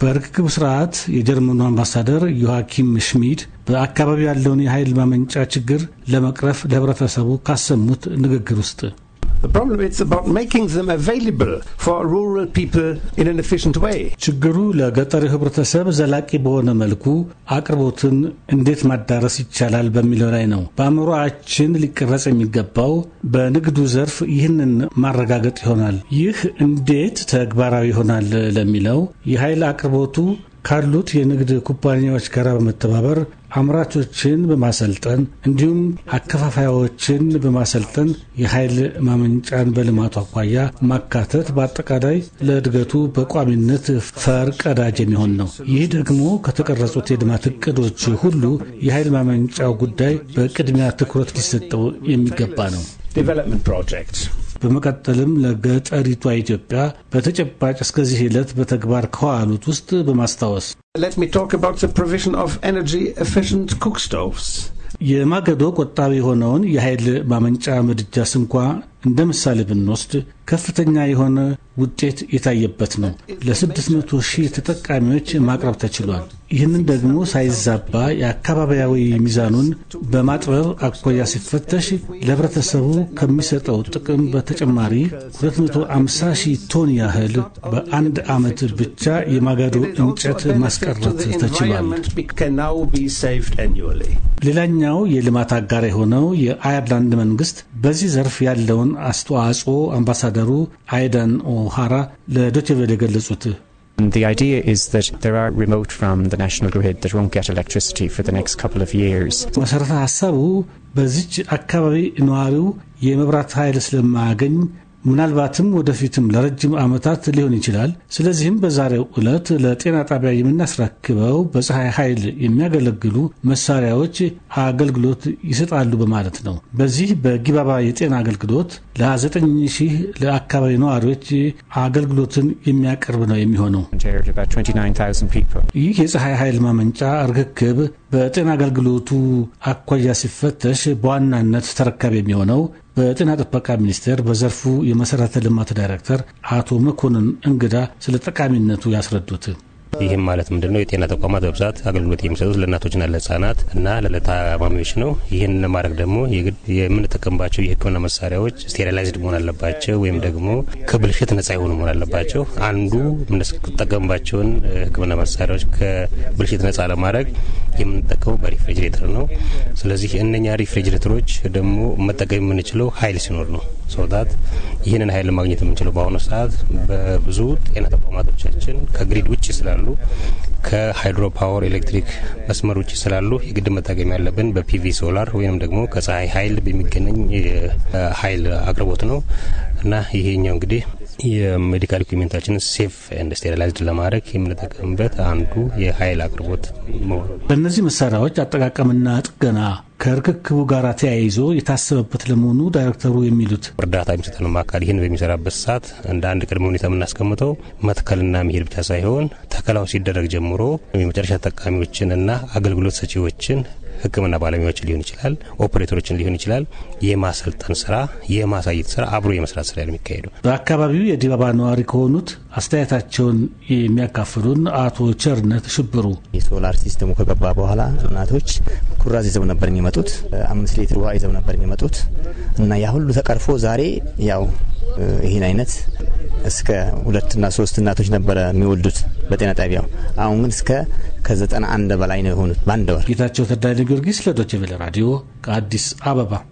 በርክክብ ስርዓት የጀርመኑ አምባሳደር ዮሐኪም ሽሚድ በአካባቢው ያለውን የኃይል ማመንጫ ችግር ለመቅረፍ ለህብረተሰቡ ካሰሙት ንግግር ውስጥ The problem is about making them available for rural people in an efficient way. ችግሩ ለገጠር ህብረተሰብ ዘላቂ በሆነ መልኩ አቅርቦትን እንዴት ማዳረስ ይቻላል በሚለው ላይ ነው። በአእምሮአችን ሊቀረጽ የሚገባው በንግዱ ዘርፍ ይህንን ማረጋገጥ ይሆናል። ይህ እንዴት ተግባራዊ ይሆናል ለሚለው የኃይል አቅርቦቱ ካሉት የንግድ ኩባንያዎች ጋር በመተባበር አምራቾችን በማሰልጠን እንዲሁም አከፋፋዮችን በማሰልጠን የኃይል ማመንጫን በልማቱ አኳያ ማካተት በአጠቃላይ ለእድገቱ በቋሚነት ፈር ቀዳጅ የሚሆን ነው። ይህ ደግሞ ከተቀረጹት የልማት እቅዶች ሁሉ የኃይል ማመንጫው ጉዳይ በቅድሚያ ትኩረት ሊሰጠው የሚገባ ነው። በመቀጠልም ለገጠሪቷ ኢትዮጵያ በተጨባጭ እስከዚህ ዕለት በተግባር ከዋሉት ውስጥ በማስታወስ Let me talk about the provision of energy efficient cook stoves. የማገዶ ቆጣቢ የኃይል ማመንጫ ምድጃ ስንኳ እንደ ምሳሌ ብንወስድ ከፍተኛ የሆነ ውጤት የታየበት ነው። ለ600 ሺህ ተጠቃሚዎች ማቅረብ ተችሏል። ይህንን ደግሞ ሳይዛባ የአካባቢያዊ ሚዛኑን በማጥበብ አኳያ ሲፈተሽ ለህብረተሰቡ ከሚሰጠው ጥቅም በተጨማሪ 250 ሺህ ቶን ያህል በአንድ ዓመት ብቻ የማገዶ እንጨት ማስቀረት ተችሏል። ሌላኛው የልማት አጋር የሆነው የአየርላንድ መንግስት በዚህ ዘርፍ ያለውን አስተዋጽኦ አምባሳደሩ አይደን ኦሃራ የገለጹት And the idea is that there are remote from the national grid that won't get electricity for the next couple of years. መሰረተ ሀሳቡ በዚች አካባቢ ነዋሪው የመብራት ኃይል ስለማያገኝ ምናልባትም ወደፊትም ለረጅም ዓመታት ሊሆን ይችላል። ስለዚህም በዛሬው ዕለት ለጤና ጣቢያ የምናስረክበው በፀሐይ ኃይል የሚያገለግሉ መሳሪያዎች አገልግሎት ይሰጣሉ በማለት ነው። በዚህ በጊባባ የጤና አገልግሎት ለዘጠኝ ሺህ ለአካባቢ ነዋሪዎች አገልግሎትን የሚያቀርብ ነው የሚሆነው። ይህ የፀሐይ ኃይል ማመንጫ ርክክብ በጤና አገልግሎቱ አኳያ ሲፈተሽ በዋናነት ተረካቢ የሚሆነው በጤና ጥበቃ ሚኒስቴር በዘርፉ የመሰረተ ልማት ዳይሬክተር አቶ መኮንን እንግዳ ስለ ጠቃሚነቱ ያስረዱት ይህም ማለት ምንድን ነው? የጤና ተቋማት በብዛት አገልግሎት የሚሰጡት ለእናቶችና ለህጻናት እና ለታማሚዎች ነው። ይህን ለማድረግ ደግሞ የምንጠቀምባቸው የህክምና መሳሪያዎች ስቴሪላይዝድ መሆን አለባቸው፣ ወይም ደግሞ ከብልሽት ነጻ የሆኑ መሆን አለባቸው። አንዱ የምንጠቀምባቸውን ህክምና መሳሪያዎች ከብልሽት ነጻ ለማድረግ የምንጠቀመው በሪፍሬጅሬተር ነው። ስለዚህ እነኛ ሪፍሬጅሬተሮች ደግሞ መጠቀም የምንችለው ኃይል ሲኖር ነው። ሰውታት ይህንን ኃይል ማግኘት የምንችለው በአሁኑ ሰዓት በብዙ ጤና ተቋማቶቻችን ከግሪድ ውጭ ስላሉ ስላሉ ከሃይድሮ ፓወር ኤሌክትሪክ መስመር ውጭ ስላሉ የግድ መጠቀም ያለብን በፒቪ ሶላር ወይም ደግሞ ከፀሐይ ኃይል በሚገናኝ ኃይል አቅርቦት ነው እና ይሄኛው እንግዲህ የሜዲካል ኢኩዊፕመንታችን ሴፍ ኤንድ ስቴሪላይዝድ ለማድረግ የምንጠቀምበት አንዱ የኃይል አቅርቦት መሆኑ በእነዚህ መሳሪያዎች አጠቃቀምና ጥገና ከርክክቡ ጋር ተያይዞ የታሰበበት ለመሆኑ ዳይሬክተሩ የሚሉት እርዳታ የሚሰጠን አካል ይህን በሚሰራበት ሰዓት እንደ አንድ ቅድመ ሁኔታ የምናስቀምጠው መትከልና መሄድ ብቻ ሳይሆን ተከላው ሲደረግ ጀምሮ የመጨረሻ ተጠቃሚዎችንና አገልግሎት ሰጪዎችን ህክምና ባለሙያዎች ሊሆን ይችላል፣ ኦፕሬተሮችን ሊሆን ይችላል። የማሰልጠን ስራ፣ የማሳየት ስራ፣ አብሮ የመስራት ስራ የሚካሄደው። በአካባቢው የዲባባ ነዋሪ ከሆኑት አስተያየታቸውን የሚያካፍሉን አቶ ቸርነት ሽብሩ የሶላር ሲስተሙ ከገባ በኋላ እናቶች ኩራዝ ይዘው ነበር የሚመጡት፣ አምስት ሊትር ውሃ ይዘው ነበር የሚመጡት እና ያ ሁሉ ተቀርፎ ዛሬ ያው ይህን አይነት እስከ ሁለትና ሶስት እናቶች ነበረ የሚወልዱት በጤና ጣቢያው። አሁን ግን እስከ ከዘጠና አንድ በላይ ነው የሆኑት በአንድ ወር። ጌታቸው ተዳይ ጊዮርጊስ ለዶቼ ቬለ ራዲዮ ከአዲስ አበባ